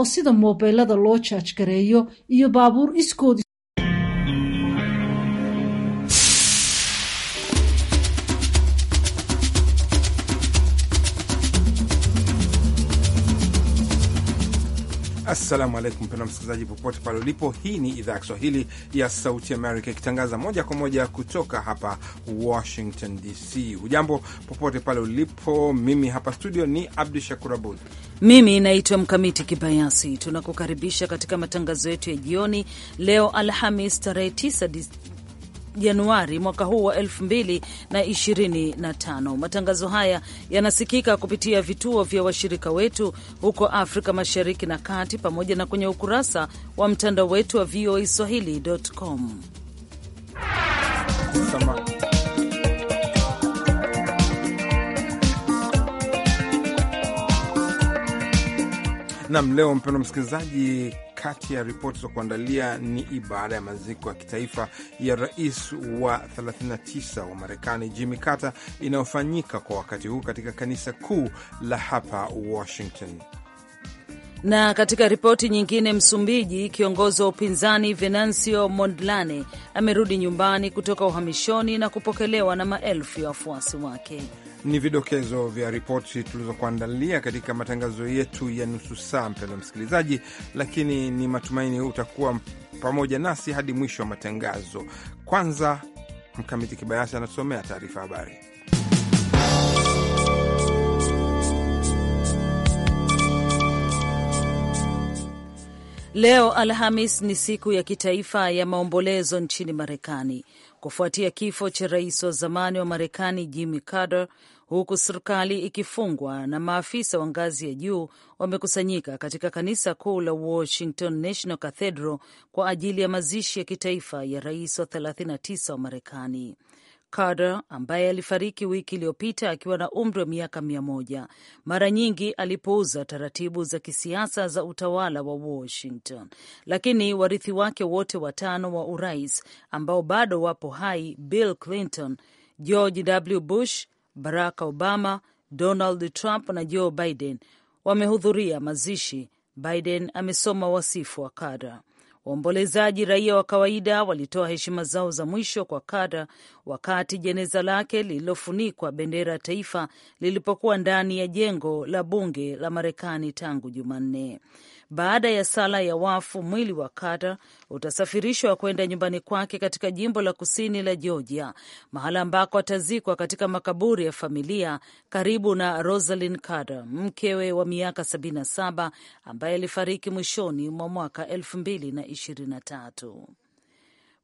oo sida moobeelada loo jaajgareeyo iyo baabuur iskood Assalamu alaikum pena msikilizaji, popote pale ulipo. Hii ni idhaa ya Kiswahili ya Sauti Amerika ikitangaza moja kwa moja kutoka hapa Washington DC. Ujambo popote pale ulipo, mimi hapa studio ni Abdu Shakur Abud, mimi naitwa Mkamiti Kibayasi. Tunakukaribisha katika matangazo yetu ya jioni leo Alhamis tarehe 9 Januari mwaka huu wa 2025. Matangazo haya yanasikika kupitia vituo vya washirika wetu huko Afrika Mashariki na Kati, pamoja na kwenye ukurasa wa mtandao wetu wa voa Swahili.com. Nam, leo mpendo msikilizaji, kati ya ripoti za kuandalia ni ibada ya maziko ya kitaifa ya rais wa 39 wa Marekani Jimmy Carter inayofanyika kwa wakati huu katika kanisa kuu la hapa Washington. Na katika ripoti nyingine, Msumbiji, kiongozi wa upinzani Venancio Mondlane amerudi nyumbani kutoka uhamishoni na kupokelewa na maelfu ya wafuasi wake. Ni vidokezo vya ripoti tulizokuandalia katika matangazo yetu ya nusu saa, mpendwa msikilizaji, lakini ni matumaini utakuwa pamoja nasi hadi mwisho wa matangazo. Kwanza, Mkamiti Kibayasi anatusomea taarifa habari. Leo Alhamis ni siku ya kitaifa ya maombolezo nchini Marekani kufuatia kifo cha rais wa zamani wa Marekani Jimmy Carter, huku serikali ikifungwa na maafisa wa ngazi ya juu wamekusanyika katika kanisa kuu la Washington National Cathedral kwa ajili ya mazishi ya kitaifa ya rais wa 39 wa Marekani. Carter ambaye alifariki wiki iliyopita akiwa na umri wa miaka mia moja mara nyingi alipouza taratibu za kisiasa za utawala wa Washington, lakini warithi wake wote watano wa urais ambao bado wapo hai, Bill Clinton, George W. Bush, Barack Obama, Donald Trump na Joe Biden wamehudhuria mazishi. Biden amesoma wasifu wa Carter. Waombolezaji raia wa kawaida walitoa heshima zao za mwisho kwa kada wakati jeneza lake lililofunikwa bendera ya taifa lilipokuwa ndani ya jengo la bunge la Marekani tangu Jumanne. Baada ya sala ya wafu, mwili wa Carter utasafirishwa kwenda nyumbani kwake katika jimbo la kusini la Georgia, mahala ambako atazikwa katika makaburi ya familia karibu na rosalin Carter, mkewe wa miaka 77 ambaye alifariki mwishoni mwa mwaka 2023.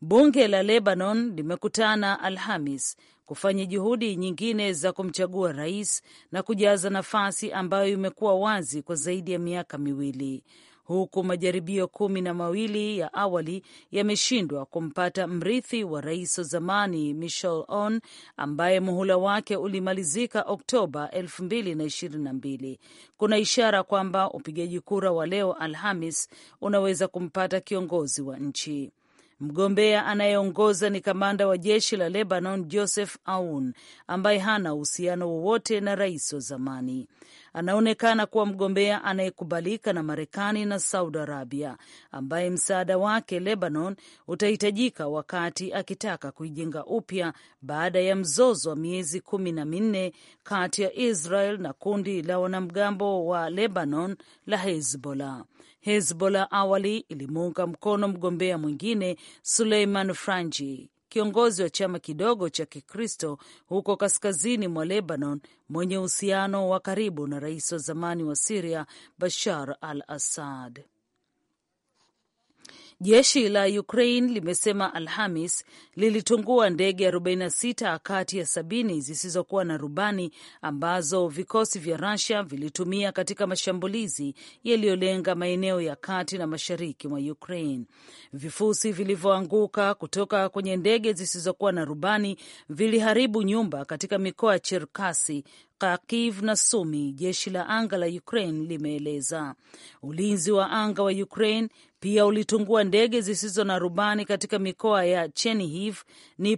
Bunge la Lebanon limekutana Alhamis kufanya juhudi nyingine za kumchagua rais na kujaza nafasi ambayo imekuwa wazi kwa zaidi ya miaka miwili huku majaribio kumi na mawili ya awali yameshindwa kumpata mrithi wa rais wa zamani Michel On ambaye muhula wake ulimalizika Oktoba 2022. Kuna ishara kwamba upigaji kura wa leo Alhamis unaweza kumpata kiongozi wa nchi. Mgombea anayeongoza ni kamanda wa jeshi la Lebanon Joseph Aoun ambaye hana uhusiano wowote na rais wa zamani. Anaonekana kuwa mgombea anayekubalika na Marekani na Saudi Arabia, ambaye msaada wake Lebanon utahitajika wakati akitaka kuijenga upya baada ya mzozo wa miezi kumi na minne kati ya Israel na kundi la wanamgambo wa Lebanon la Hezbollah. Hezbollah awali ilimuunga mkono mgombea mwingine Suleiman Franji, kiongozi wa chama kidogo cha Kikristo huko kaskazini mwa Lebanon mwenye uhusiano wa karibu na rais wa zamani wa Siria Bashar al Assad. Jeshi la Ukraine limesema Alhamis lilitungua ndege 46 kati ya sabini zisizokuwa na rubani ambazo vikosi vya Rusia vilitumia katika mashambulizi yaliyolenga maeneo ya kati na mashariki mwa Ukraine. Vifusi vilivyoanguka kutoka kwenye ndege zisizokuwa na rubani viliharibu nyumba katika mikoa ya Cherkasi, Kharkiv na Sumi, jeshi la anga la Ukraine limeeleza. Ulinzi wa anga wa Ukraine pia ulitungua ndege zisizo na rubani katika mikoa ya Chernihiv,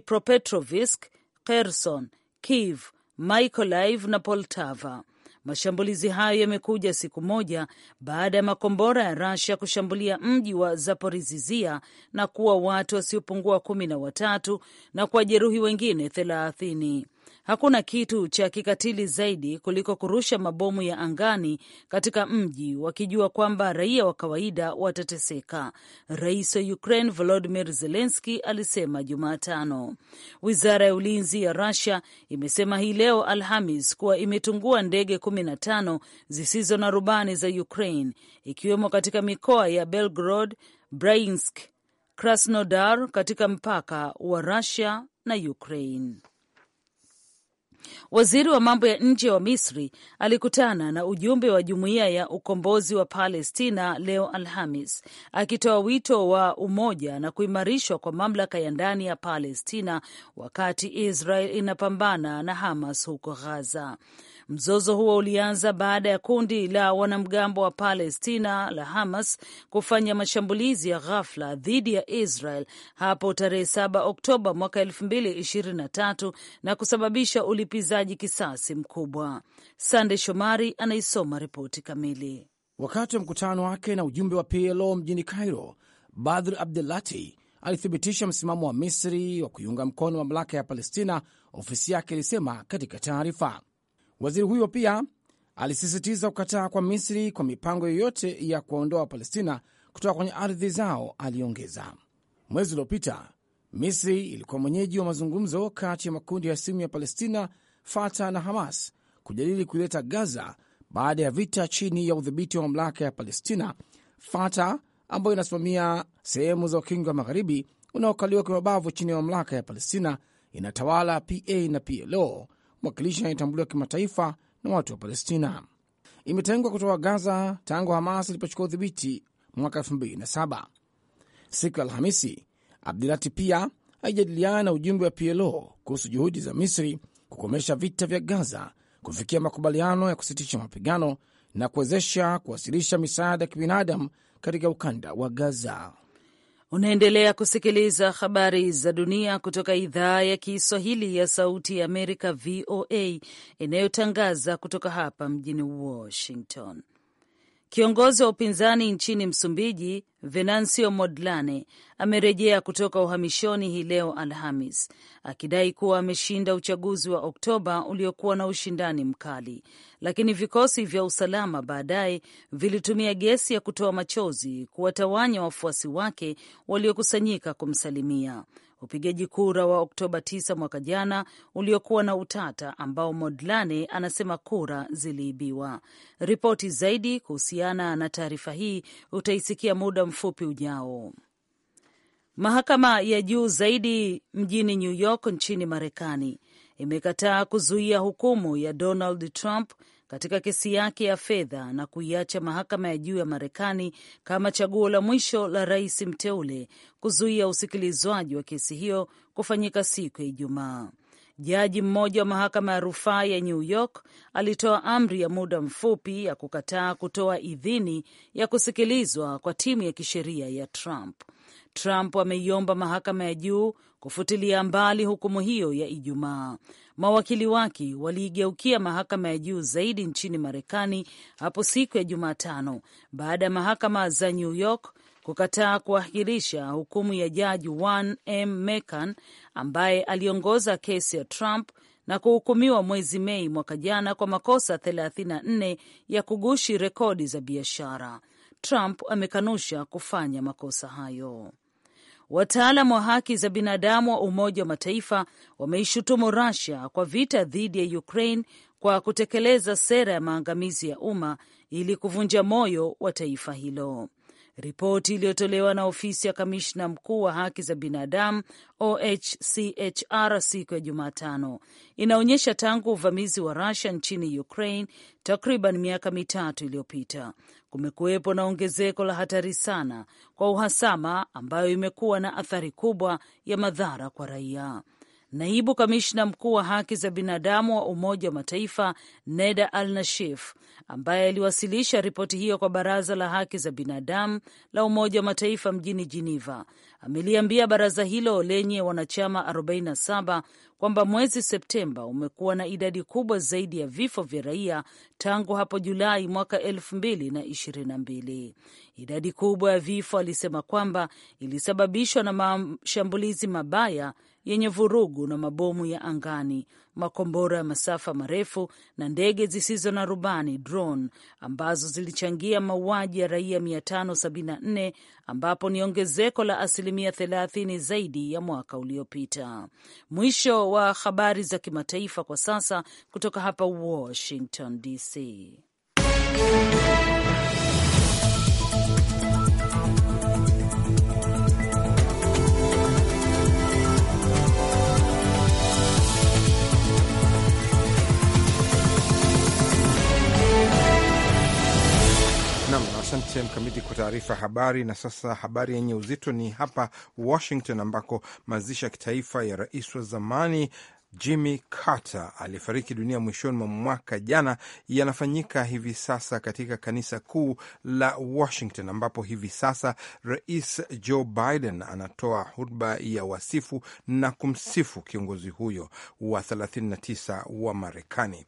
propetrovisk Kherson, Kiev, Mykolaiv na Poltava. Mashambulizi hayo yamekuja siku moja baada ya makombora ya Russia kushambulia mji wa zaporizizia na kuwa watu wasiopungua kumi na watatu na kuwajeruhi wengine thelathini. Hakuna kitu cha kikatili zaidi kuliko kurusha mabomu ya angani katika mji wakijua kwamba raia wa kawaida watateseka, rais wa Ukraine Volodymyr Zelensky alisema Jumatano. Wizara ya ulinzi ya Russia imesema hii leo Alhamis kuwa imetungua ndege 15 zisizo na rubani za Ukraine, ikiwemo katika mikoa ya Belgorod, Bryansk, Krasnodar katika mpaka wa Russia na Ukraine. Waziri wa mambo ya nje wa Misri alikutana na ujumbe wa jumuiya ya ukombozi wa Palestina leo Alhamis, akitoa wito wa umoja na kuimarishwa kwa mamlaka ya ndani ya Palestina wakati Israel inapambana na Hamas huko ghaza Mzozo huo ulianza baada ya kundi la wanamgambo wa Palestina la Hamas kufanya mashambulizi ya ghafla dhidi ya Israel hapo tarehe 7 Oktoba mwaka 2023 na kusababisha ulipizaji kisasi mkubwa. Sande Shomari anaisoma ripoti kamili. Wakati wa mkutano wake na ujumbe wa PLO mjini Cairo, Badr Abdelati alithibitisha msimamo wa Misri wa kuiunga mkono mamlaka ya Palestina, ofisi yake ilisema katika taarifa. Waziri huyo pia alisisitiza kukataa kwa Misri kwa mipango yoyote ya kuwaondoa Wapalestina kutoka kwenye ardhi zao. Aliongeza, mwezi uliopita Misri ilikuwa mwenyeji wa mazungumzo kati ya makundi ya simu ya Palestina, Fatah na Hamas kujadili kuileta Gaza baada ya vita chini ya udhibiti wa mamlaka ya Palestina. Fatah ambayo inasimamia sehemu za ukingo wa magharibi unaokaliwa kimabavu mabavu chini ya mamlaka ya Palestina inatawala PA na PLO mwakilishi anayetambuliwa kimataifa na watu wa Palestina. Imetengwa kutoka Gaza tangu Hamas ilipochukua udhibiti mwaka 2007. Siku ya Alhamisi, Abdulati pia alijadiliana na ujumbe wa PLO kuhusu juhudi za Misri kukomesha vita vya Gaza, kufikia makubaliano ya kusitisha mapigano na kuwezesha kuwasilisha misaada ya kibinadamu katika ukanda wa Gaza. Unaendelea kusikiliza habari za dunia kutoka idhaa ya Kiswahili ya Sauti ya Amerika, VOA, inayotangaza kutoka hapa mjini Washington. Kiongozi wa upinzani nchini Msumbiji, Venancio Modlane, amerejea kutoka uhamishoni hii leo Alhamis akidai kuwa ameshinda uchaguzi wa Oktoba uliokuwa na ushindani mkali, lakini vikosi vya usalama baadaye vilitumia gesi ya kutoa machozi kuwatawanya wafuasi wake waliokusanyika kumsalimia upigaji kura wa Oktoba 9 mwaka jana uliokuwa na utata ambao Modlane anasema kura ziliibiwa. Ripoti zaidi kuhusiana na taarifa hii utaisikia muda mfupi ujao. Mahakama ya juu zaidi mjini New York nchini Marekani imekataa kuzuia hukumu ya Donald Trump katika kesi yake ya fedha na kuiacha mahakama ya juu ya Marekani kama chaguo la mwisho la rais mteule kuzuia usikilizwaji wa kesi hiyo kufanyika siku ya Ijumaa. Jaji mmoja wa mahakama ya rufaa ya New York alitoa amri ya muda mfupi ya kukataa kutoa idhini ya kusikilizwa kwa timu ya kisheria ya Trump. Trump ameiomba mahakama ya juu kufutilia mbali hukumu hiyo ya Ijumaa. Mawakili wake waliigeukia mahakama ya juu zaidi nchini Marekani hapo siku ya Jumatano baada ya mahakama za New York kukataa kuahirisha hukumu ya jaji Juan M. Merchan ambaye aliongoza kesi ya Trump na kuhukumiwa mwezi Mei mwaka jana kwa makosa 34 ya kugushi rekodi za biashara. Trump amekanusha kufanya makosa hayo. Wataalam wa haki za binadamu wa Umoja wa Mataifa wameishutumu rasia kwa vita dhidi ya Ukraine kwa kutekeleza sera ya maangamizi ya umma ili kuvunja moyo wa taifa hilo. Ripoti iliyotolewa na ofisi ya kamishna mkuu wa haki za binadamu OHCHR siku ya Jumatano inaonyesha tangu uvamizi wa Rusia nchini Ukraine takriban miaka mitatu iliyopita kumekuwepo na ongezeko la hatari sana kwa uhasama ambayo imekuwa na athari kubwa ya madhara kwa raia. Naibu kamishna mkuu wa haki za binadamu wa Umoja wa Mataifa Neda Al Nashif, ambaye aliwasilisha ripoti hiyo kwa Baraza la Haki za Binadamu la Umoja wa Mataifa mjini jiniva ameliambia baraza hilo lenye wanachama 47 kwamba mwezi Septemba umekuwa na idadi kubwa zaidi ya vifo vya raia tangu hapo Julai mwaka elfu Idadi kubwa ya vifo, alisema kwamba ilisababishwa na mashambulizi mabaya yenye vurugu na mabomu ya angani, makombora ya masafa marefu na ndege zisizo na rubani drone, ambazo zilichangia mauaji ya raia 574 ambapo ni ongezeko la asilimia 30 zaidi ya mwaka uliopita. Mwisho wa habari za kimataifa kwa sasa kutoka hapa Washington DC. Asante Mkamiti kwa taarifa habari. Na sasa habari yenye uzito ni hapa Washington, ambako mazishi ya kitaifa ya rais wa zamani Jimmy Carter aliyefariki dunia mwishoni mwa mwaka jana, yanafanyika hivi sasa katika kanisa kuu la Washington, ambapo hivi sasa Rais Joe Biden anatoa hutba ya wasifu na kumsifu kiongozi huyo wa 39 wa Marekani.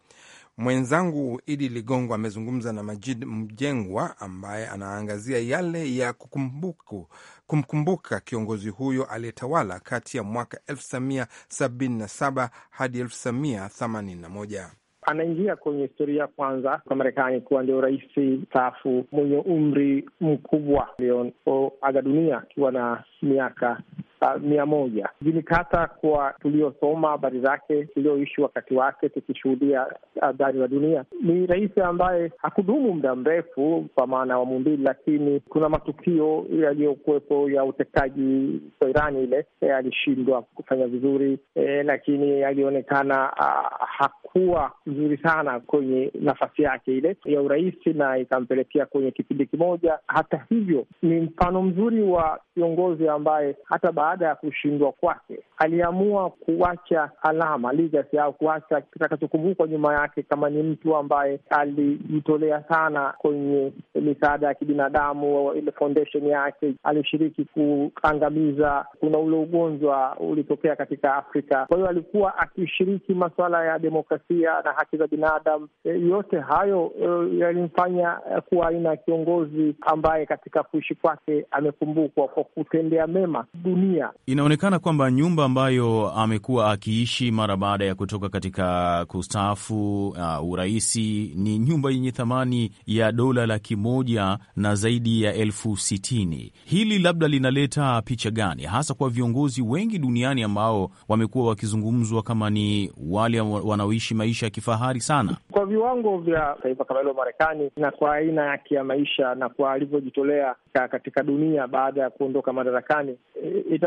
Mwenzangu Idi Ligongo amezungumza na Majid Mjengwa ambaye anaangazia yale ya kukumbuku, kumkumbuka kiongozi huyo aliyetawala kati ya mwaka 1977 hadi 1981. Anaingia kwenye historia kwanza kwa Marekani kuwa ndio rais mstaafu mwenye umri mkubwa aliyoaga dunia akiwa na miaka uh, mia moja. Jimmy Carter kwa tuliosoma habari zake, tulioishi wakati wake, tukishuhudia habari wa dunia, ni rais ambaye hakudumu muda mrefu kwa maana wa mumbili, lakini kuna matukio yaliyokuwepo ya utekaji kwa Irani ile e, alishindwa kufanya vizuri e, lakini alionekana uh, hakuwa mzuri sana kwenye nafasi yake ile ya urais na ikampelekea kwenye kipindi kimoja. Hata hivyo ni mfano mzuri wa kiongozi ambaye hata baada baada ya kushindwa kwake aliamua kuacha alama legacy, au kuacha kitakachokumbukwa nyuma yake kama ni mtu ambaye alijitolea sana kwenye misaada ya kibinadamu. Ile foundation yake alishiriki kuangamiza, kuna ule ugonjwa ulitokea katika Afrika. Kwa hiyo alikuwa akishiriki masuala ya demokrasia na haki za binadamu. E, yote hayo e, yalimfanya kuwa aina ya kiongozi ambaye katika kuishi kwake amekumbukwa kwa kutendea mema dunia Tanzania. Inaonekana kwamba nyumba ambayo amekuwa akiishi mara baada ya kutoka katika kustaafu uh, uraisi ni nyumba yenye thamani ya dola laki moja na zaidi ya elfu sitini. Hili labda linaleta picha gani hasa kwa viongozi wengi duniani ambao wamekuwa wakizungumzwa kama ni wale wanaoishi maisha ya kifahari sana kwa viwango vya taifa kama hilo Marekani na kwa aina yake ya maisha na kwa alivyojitolea katika dunia baada ya kuondoka madarakani,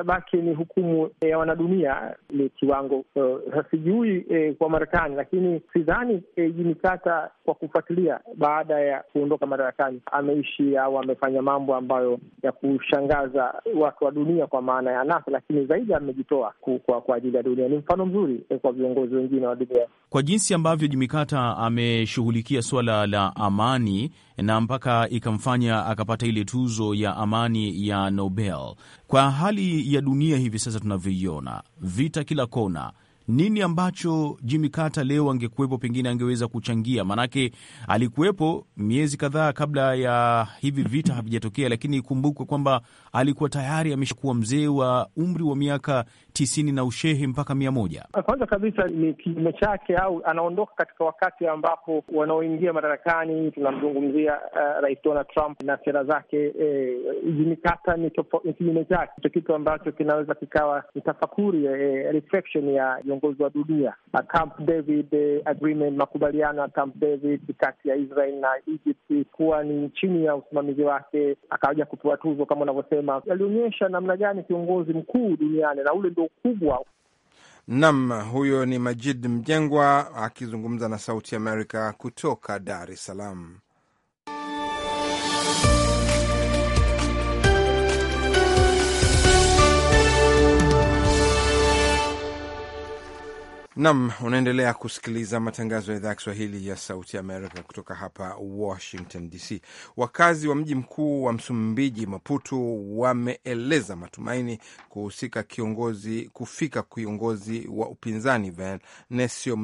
itabaki ni hukumu eh, ya wanadunia ni kiwango. Eh, sijui eh, kwa Marekani, lakini sidhani eh, Jimmy Carter kwa kufuatilia baada ya kuondoka madarakani ameishi au amefanya mambo ambayo ya kushangaza watu wa dunia kwa maana ya NASA, lakini zaidi amejitoa kwa, kwa ajili ya dunia. Ni mfano mzuri eh, kwa viongozi wengine wa dunia kwa jinsi ambavyo Jimmy Carter ameshughulikia suala la amani na mpaka ikamfanya akapata ile tuzo ya amani ya Nobel. Kwa hali ya dunia hivi sasa tunavyoiona, vita kila kona, nini ambacho Jimmy Carter leo angekuwepo, pengine angeweza kuchangia? Maanake alikuwepo miezi kadhaa kabla ya hivi vita havijatokea, lakini ikumbukwe kwamba alikuwa tayari ameshakuwa mzee wa umri wa miaka tisini na ushehe mpaka mia moja. Kwanza kabisa ni kinyume chake, au anaondoka katika wakati ambapo wanaoingia madarakani, tunamzungumzia uh, Rais Donald Trump na sera zake jimikata, eh, ni kinyume chake, cho kitu ambacho kinaweza kikawa ni tafakuri eh, reflection ya viongozi wa dunia. Camp David eh, agreement, makubaliano ya Camp David kati ya Israel na Egypt kuwa ni chini ya usimamizi wake, akawaja kupewa tuzo kama unavyosema, alionyesha namna gani kiongozi mkuu duniani na ule ndo tatizo kubwa. Nam, huyo ni Majid Mjengwa akizungumza na Sauti Amerika kutoka Dar es Salaam. Nam, unaendelea kusikiliza matangazo ya idhaa ya Kiswahili ya Sauti Amerika kutoka hapa Washington DC. Wakazi wa mji mkuu wa Msumbiji, Maputo, wameeleza matumaini kuhusika kiongozi kufika kiongozi wa upinzani Venancio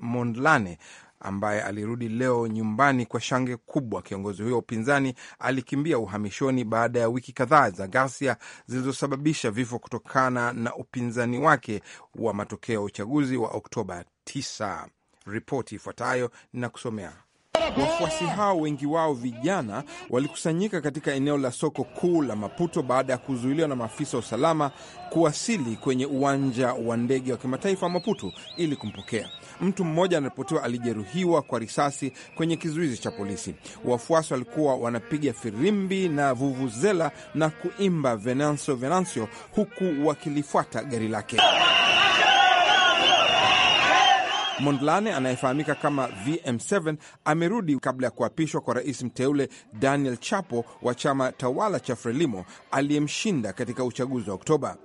Mondlane ambaye alirudi leo nyumbani kwa shangwe kubwa. Kiongozi huyo wa upinzani alikimbia uhamishoni baada ya wiki kadhaa za ghasia zilizosababisha vifo kutokana na upinzani wake wa matokeo ya uchaguzi wa Oktoba 9. Ripoti ifuatayo na kusomea Wafuasi hao wengi wao vijana walikusanyika katika eneo la soko kuu la Maputo baada ya kuzuiliwa na maafisa wa usalama kuwasili kwenye uwanja wa ndege wa kimataifa wa Maputo ili kumpokea. Mtu mmoja anaripotiwa alijeruhiwa kwa risasi kwenye kizuizi cha polisi. Wafuasi walikuwa wanapiga firimbi na vuvuzela na kuimba venancio venancio, huku wakilifuata gari lake. Mondlane anayefahamika kama VM7 amerudi kabla ya kuapishwa kwa rais mteule Daniel Chapo wa chama tawala cha Frelimo aliyemshinda katika uchaguzi wa Oktoba.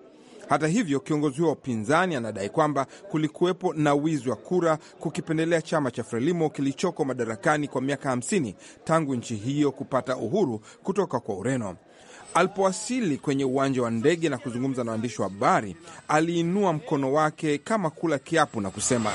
Hata hivyo, kiongozi huyo wa upinzani anadai kwamba kulikuwepo na wizi wa kura kukipendelea chama cha Frelimo kilichoko madarakani kwa miaka 50 tangu nchi hiyo kupata uhuru kutoka kwa Ureno. Alipowasili kwenye uwanja wa ndege na kuzungumza na waandishi wa habari, aliinua mkono wake kama kula kiapu na kusema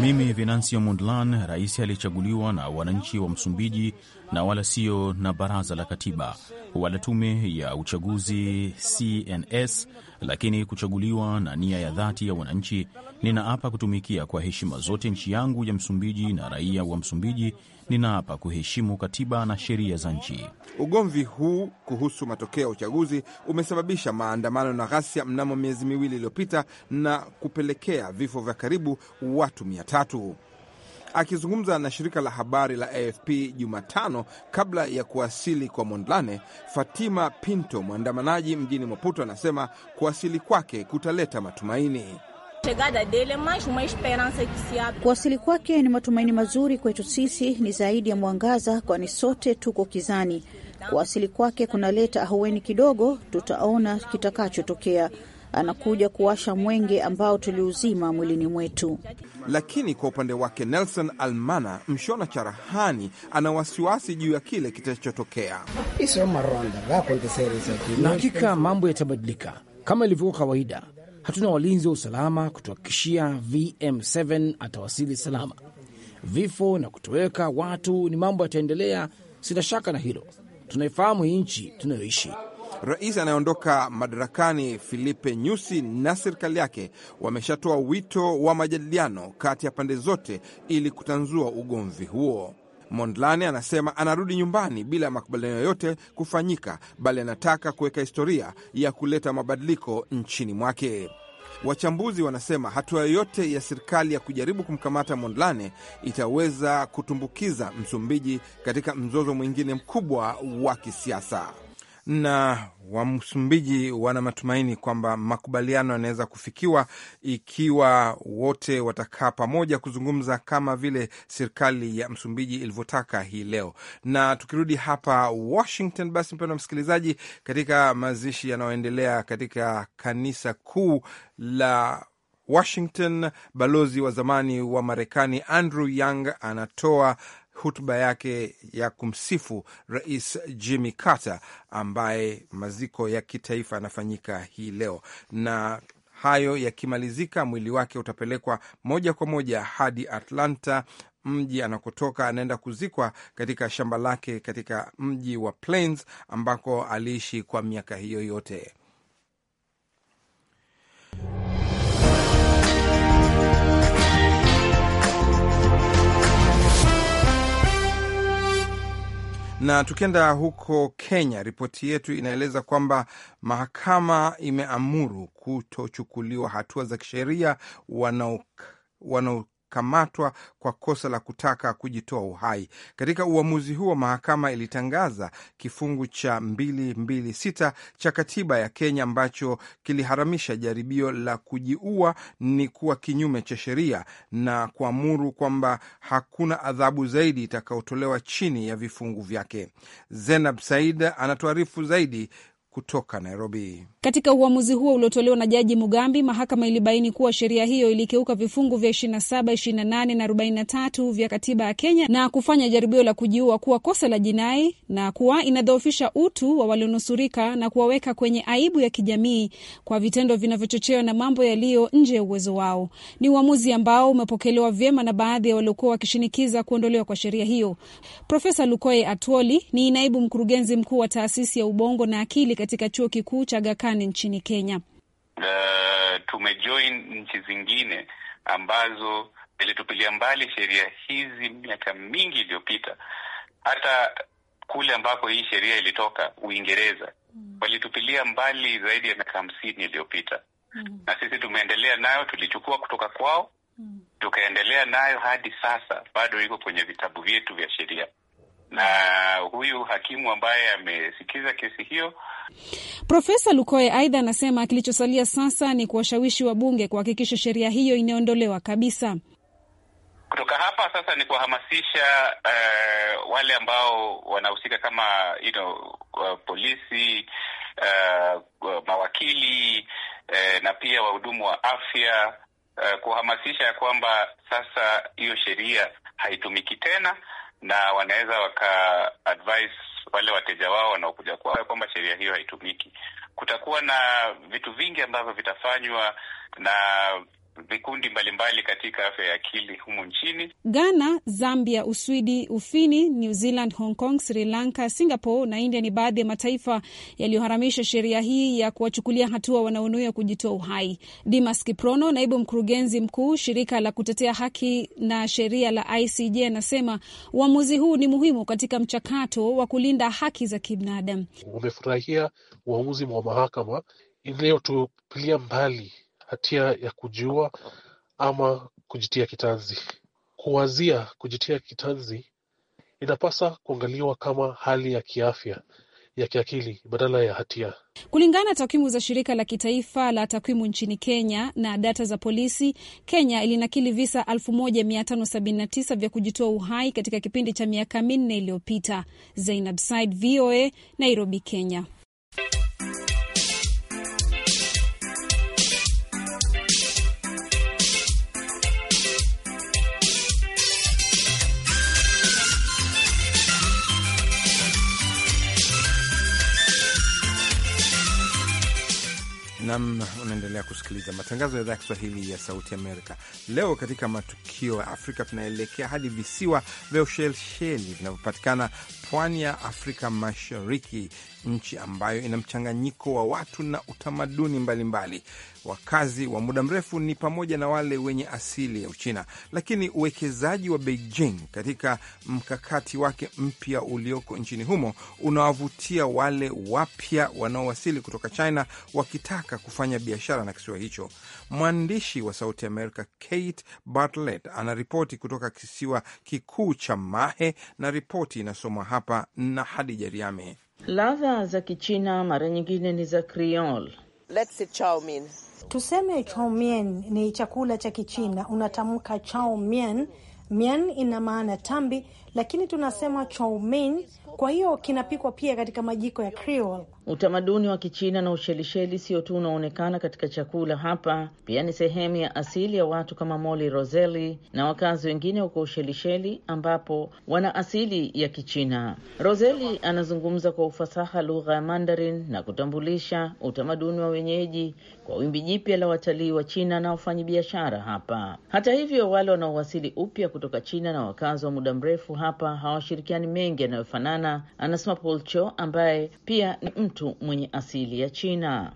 mimi Venancio Mondlane, rais aliyechaguliwa na wananchi wa Msumbiji na wala sio na baraza la katiba wala tume ya uchaguzi CNS, lakini kuchaguliwa na nia ya dhati ya wananchi, ninaapa kutumikia kwa heshima zote nchi yangu ya Msumbiji na raia wa Msumbiji ninaapa kuheshimu katiba na sheria za nchi. Ugomvi huu kuhusu matokeo ya uchaguzi umesababisha maandamano na ghasia mnamo miezi miwili iliyopita na kupelekea vifo vya karibu watu mia tatu. Akizungumza na shirika la habari la AFP Jumatano kabla ya kuwasili kwa Mondlane, Fatima Pinto, mwandamanaji mjini Maputo, anasema kuwasili kwake kutaleta matumaini chegada dele é mais uma esperança que se abre. Kuwasili kwake ni matumaini mazuri kwetu sisi, ni zaidi ya mwangaza, kwani sote tuko kizani. Kuwasili kwake kunaleta ahueni kidogo, tutaona kitakachotokea. Anakuja kuwasha mwenge ambao tuliuzima mwilini mwetu. Lakini kwa upande wake Nelson Almana, mshona charahani ana wasiwasi juu ya kile kitachotokea. Na hakika mambo yatabadilika kama ilivyokuwa kawaida hatuna walinzi wa usalama kutuhakikishia VM7 atawasili salama. Vifo na kutoweka watu ni mambo yataendelea, sina shaka na hilo. Tunaifahamu hii nchi tunayoishi. Rais anayeondoka madarakani Filipe Nyusi na serikali yake wameshatoa wito wa majadiliano kati ya pande zote ili kutanzua ugomvi huo. Mondlane anasema anarudi nyumbani bila ya makubaliano yoyote kufanyika, bali anataka kuweka historia ya kuleta mabadiliko nchini mwake. Wachambuzi wanasema hatua yoyote ya serikali ya kujaribu kumkamata Mondlane itaweza kutumbukiza Msumbiji katika mzozo mwingine mkubwa wa kisiasa na wa Msumbiji wana matumaini kwamba makubaliano yanaweza kufikiwa ikiwa wote watakaa pamoja kuzungumza kama vile serikali ya Msumbiji ilivyotaka hii leo. Na tukirudi hapa Washington, basi mpendwa msikilizaji, katika mazishi yanayoendelea katika kanisa kuu la Washington, balozi wa zamani wa Marekani Andrew Young anatoa hutuba yake ya kumsifu Rais Jimmy Carter ambaye maziko ya kitaifa yanafanyika hii leo na hayo yakimalizika, mwili wake utapelekwa moja kwa moja hadi Atlanta, mji anakotoka. Anaenda kuzikwa katika shamba lake katika mji wa Plains ambako aliishi kwa miaka hiyo yote. Na tukienda huko Kenya, ripoti yetu inaeleza kwamba mahakama imeamuru kutochukuliwa hatua za kisheria wanao kamatwa kwa kosa la kutaka kujitoa uhai. Katika uamuzi huo, mahakama ilitangaza kifungu cha 226 cha katiba ya Kenya ambacho kiliharamisha jaribio la kujiua ni kuwa kinyume cha sheria na kuamuru kwamba hakuna adhabu zaidi itakayotolewa chini ya vifungu vyake. Zenab Said anatuarifu zaidi kutoka Nairobi. Katika uamuzi huo uliotolewa na Jaji Mugambi, mahakama ilibaini kuwa sheria hiyo ilikeuka vifungu vya 27, 28 na 43 vya katiba ya Kenya na kufanya jaribio la kujiua kuwa kosa la jinai na kuwa inadhoofisha utu wa walionusurika na kuwaweka kwenye aibu ya kijamii kwa vitendo vinavyochochewa na mambo yaliyo nje ya uwezo wao. Ni uamuzi ambao umepokelewa vyema na baadhi ya waliokuwa wakishinikiza kuondolewa kwa sheria hiyo. Profesa Lukoe Atwoli ni naibu mkurugenzi mkuu wa taasisi ya ubongo na akili katika chuo kikuu cha Gakani nchini Kenya. Uh, tumejoin nchi zingine ambazo zilitupilia mbali sheria hizi miaka mingi iliyopita. Hata kule ambako hii sheria ilitoka, Uingereza mm. walitupilia mbali zaidi ya miaka hamsini iliyopita mm. na sisi tumeendelea nayo, tulichukua kutoka kwao mm. tukaendelea nayo hadi sasa, bado iko kwenye vitabu vyetu vya sheria na huyu hakimu ambaye amesikiza kesi hiyo Profesa Lukoe aidha anasema kilichosalia sasa ni kuwashawishi wabunge kuhakikisha sheria hiyo inaondolewa kabisa. Kutoka hapa sasa ni kuwahamasisha uh, eh, wale ambao wanahusika kama you know, uh, polisi uh, mawakili uh, na pia wahudumu wa afya uh, kuhamasisha ya kwamba sasa hiyo sheria haitumiki tena na wanaweza waka wale wateja wao wanaokuja kwa kwamba sheria hiyo haitumiki. Kutakuwa na vitu vingi ambavyo vitafanywa na vikundi mbalimbali katika afya ya akili humu nchini. Ghana, Zambia, Uswidi, Ufini, New Zealand, Hong Kong, Sri Lanka, Singapore na India ni baadhi ya mataifa yaliyoharamisha sheria hii ya kuwachukulia hatua wanaonuia kujitoa uhai. Dimas Kiprono, naibu mkurugenzi mkuu shirika la kutetea haki na sheria la ICJ, anasema uamuzi huu ni muhimu katika mchakato wa kulinda haki za kibinadamu. Umefurahia uamuzi wa mahakama inayotupilia mbali hatia ya kujiua ama kujitia kitanzi. Kuwazia kujitia kitanzi inapasa kuangaliwa kama hali ya kiafya ya kiakili badala ya hatia. Kulingana na takwimu za shirika la kitaifa la takwimu nchini Kenya na data za polisi, Kenya ilinakili visa 1579 vya kujitoa uhai katika kipindi cha miaka minne iliyopita. Zainab Said, VOA, Nairobi, Kenya. Nam, unaendelea kusikiliza matangazo ya idhaa ya Kiswahili ya Sauti Amerika. Leo katika matukio ya Afrika tunaelekea hadi visiwa vya Ushelisheli vinavyopatikana pwani ya Afrika Mashariki, nchi ambayo ina mchanganyiko wa watu na utamaduni mbalimbali. Wakazi wa muda mrefu ni pamoja na wale wenye asili ya Uchina, lakini uwekezaji wa Beijing katika mkakati wake mpya ulioko nchini humo unawavutia wale wapya wanaowasili kutoka China wakitaka kufanya biashara na kisiwa hicho. Mwandishi wa Sauti Amerika Kate Bartlett anaripoti kutoka kisiwa kikuu cha Mahe, na ripoti inasomwa hapa na Hadija Riame. Ladha za Kichina mara nyingine ni za Creole. Tuseme chow mein ni chakula cha Kichina, unatamka chow mein. Mien ina maana tambi, lakini tunasema chow mein kwa hiyo kinapikwa pia katika majiko ya Creole. Utamaduni wa Kichina na Ushelisheli sio tu unaonekana katika chakula hapa, pia ni sehemu ya asili ya watu kama Moli Roseli na wakazi wengine huko Ushelisheli ambapo wana asili ya Kichina. Roseli anazungumza kwa ufasaha lugha ya Mandarin na kutambulisha utamaduni wa wenyeji kwa wimbi jipya la watalii wa China na wafanyabiashara hapa. Hata hivyo, wale wanaowasili upya kutoka China na wakazi wa muda mrefu hapa hawashirikiani mengi yanayofanana sana, anasema Paul Cho ambaye pia ni mtu mwenye asili ya China.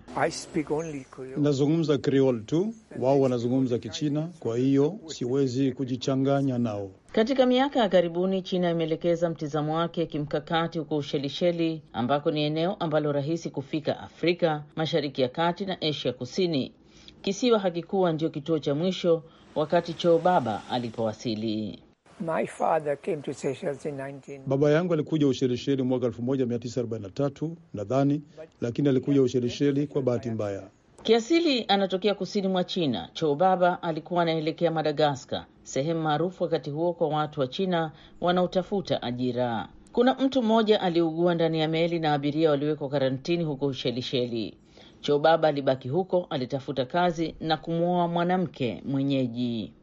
Nazungumza Kriol tu, wao wanazungumza Kichina, kwa hiyo siwezi kujichanganya nao. Katika miaka ya karibuni China imeelekeza mtizamo wake kimkakati huko Ushelisheli, ambako ni eneo ambalo rahisi kufika Afrika Mashariki ya Kati na Asia Kusini. Kisiwa hakikuwa ndio kituo cha mwisho wakati Cho Baba alipowasili. My father came to Seychelles in 19... Baba yangu alikuja Ushelisheli mwaka 1943 nadhani, lakini alikuja Ushelisheli kwa bahati mbaya. Kiasili anatokea kusini mwa China. Cho baba alikuwa anaelekea Madagaskar, sehemu maarufu wakati huo kwa watu wa China wanaotafuta ajira. Kuna mtu mmoja aliugua ndani ya meli na abiria waliwekwa karantini huko Ushelisheli. Cho baba alibaki huko, alitafuta kazi na kumwoa mwanamke mwenyeji.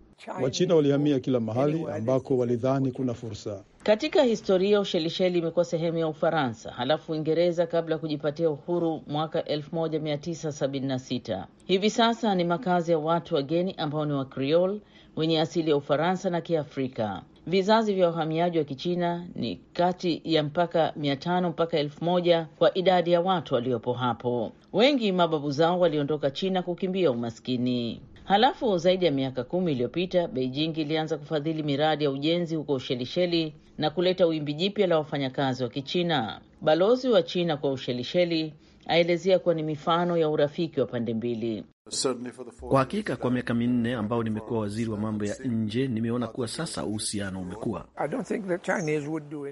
Wachina walihamia kila mahali ambako walidhani kuna fursa. Katika historia, Ushelisheli imekuwa sehemu ya Ufaransa, halafu Uingereza kabla ya kujipatia uhuru mwaka 1976. Hivi sasa ni makazi ya watu wageni ambao ni Wakriol wenye asili ya Ufaransa na Kiafrika. Vizazi vya wahamiaji wa Kichina ni kati ya mpaka mia tano mpaka elfu moja kwa idadi ya watu waliopo hapo. Wengi mababu zao waliondoka China kukimbia umaskini. Halafu zaidi ya miaka kumi iliyopita Beijing ilianza kufadhili miradi ya ujenzi huko Ushelisheli na kuleta wimbi jipya la wafanyakazi wa Kichina. Balozi wa China kwa Ushelisheli aelezea kuwa ni mifano ya urafiki wa pande mbili. Kwa hakika, kwa miaka minne ambao nimekuwa waziri wa mambo ya nje, nimeona kuwa sasa uhusiano umekuwa.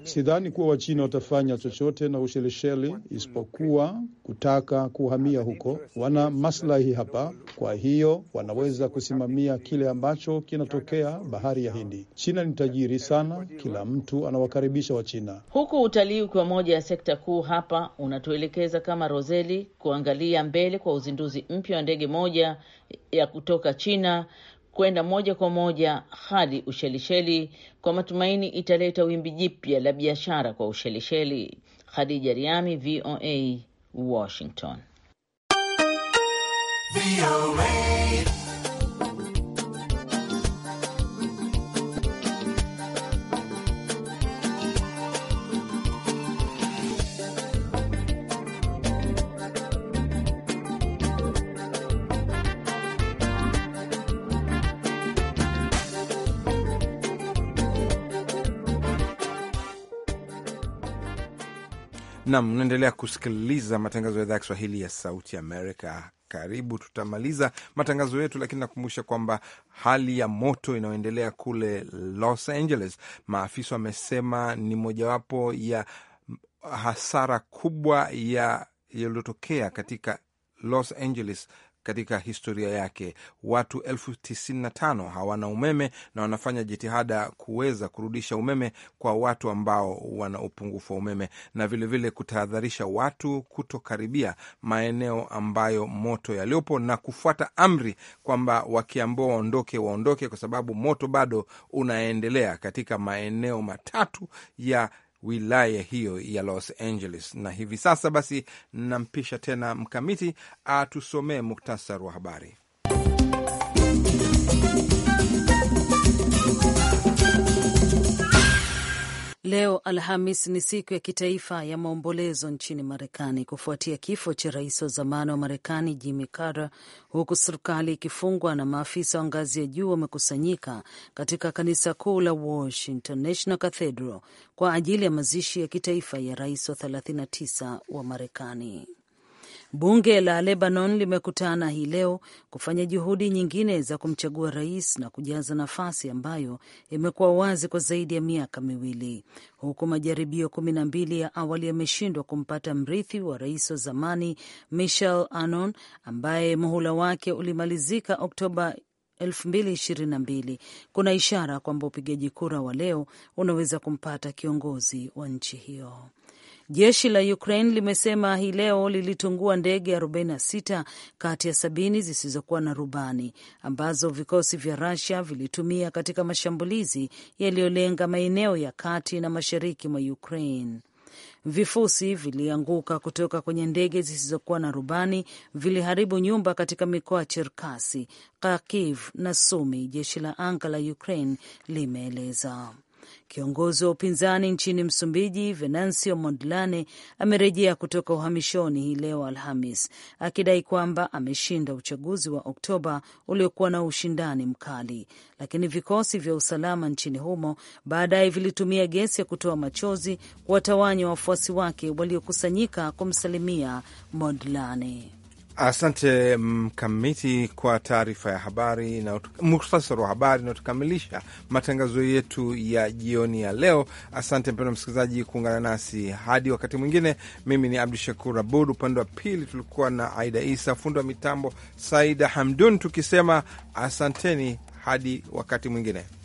Sidhani kuwa Wachina watafanya chochote na Ushelisheli isipokuwa kutaka kuhamia huko. Wana maslahi hapa, kwa hiyo wanaweza kusimamia kile ambacho kinatokea bahari ya Hindi. China ni tajiri sana, kila mtu anawakaribisha Wachina, huku utalii ukiwa moja ya sekta kuu hapa. Unatuelekeza kama Roseli kuangalia mbele kwa uzinduzi mpya wa ndege moja ya kutoka China kwenda moja kwa moja hadi Ushelisheli kwa matumaini italeta wimbi jipya la biashara kwa Ushelisheli. Khadija Riami, VOA, Washington. Nam, unaendelea kusikiliza matangazo ya idhaa ya Kiswahili ya Sauti Amerika. Karibu tutamaliza matangazo yetu, lakini nakumbusha kwamba hali ya moto inayoendelea kule Los Angeles, maafisa wamesema ni mojawapo ya hasara kubwa ya yaliyotokea katika Los Angeles katika historia yake. Watu elfu tisini na tano hawana umeme na wanafanya jitihada kuweza kurudisha umeme kwa watu ambao wana upungufu wa umeme, na vilevile kutahadharisha watu kutokaribia maeneo ambayo moto yaliyopo na kufuata amri kwamba wakiambiwa waondoke, waondoke, kwa sababu moto bado unaendelea katika maeneo matatu ya wilaya hiyo ya Los Angeles. Na hivi sasa basi, nampisha tena Mkamiti atusomee muktasari wa habari. Leo Alhamis ni siku ya kitaifa ya maombolezo nchini Marekani kufuatia kifo cha rais wa zamani wa Marekani Jimmy Carter, huku serikali ikifungwa na maafisa wa ngazi ya juu wamekusanyika katika kanisa kuu la Washington National Cathedral kwa ajili ya mazishi ya kitaifa ya rais wa 39 wa Marekani. Bunge la Lebanon limekutana hii leo kufanya juhudi nyingine za kumchagua rais na kujaza nafasi ambayo imekuwa wazi kwa zaidi ya miaka miwili, huku majaribio kumi na mbili ya awali yameshindwa kumpata mrithi wa rais wa zamani Michel Aoun ambaye muhula wake ulimalizika Oktoba 2022. Kuna ishara kwamba upigaji kura wa leo unaweza kumpata kiongozi wa nchi hiyo. Jeshi la Ukraine limesema hii leo lilitungua ndege 46 kati ya sabini zisizokuwa na rubani ambazo vikosi vya rasia vilitumia katika mashambulizi yaliyolenga maeneo ya kati na mashariki mwa Ukraine. Vifusi vilianguka kutoka kwenye ndege zisizokuwa na rubani, viliharibu nyumba katika mikoa Cherkasi, Kharkiv na Sumi, jeshi la anga la Ukraine limeeleza. Kiongozi wa upinzani nchini Msumbiji, Venancio Mondlane, amerejea kutoka uhamishoni hii leo Alhamis akidai kwamba ameshinda uchaguzi wa Oktoba uliokuwa na ushindani mkali, lakini vikosi vya usalama nchini humo baadaye vilitumia gesi ya kutoa machozi kuwatawanya wafuasi wake waliokusanyika kumsalimia Mondlane. Asante Mkamiti kwa taarifa ya habari na wa habari inayotukamilisha matangazo yetu ya jioni ya leo. Asante mpendwa msikilizaji kuungana nasi hadi wakati mwingine. Mimi ni Abdu Shakur Abud, upande wa pili tulikuwa na Aida Isa, fundi wa mitambo Saida Hamdun, tukisema asanteni hadi wakati mwingine.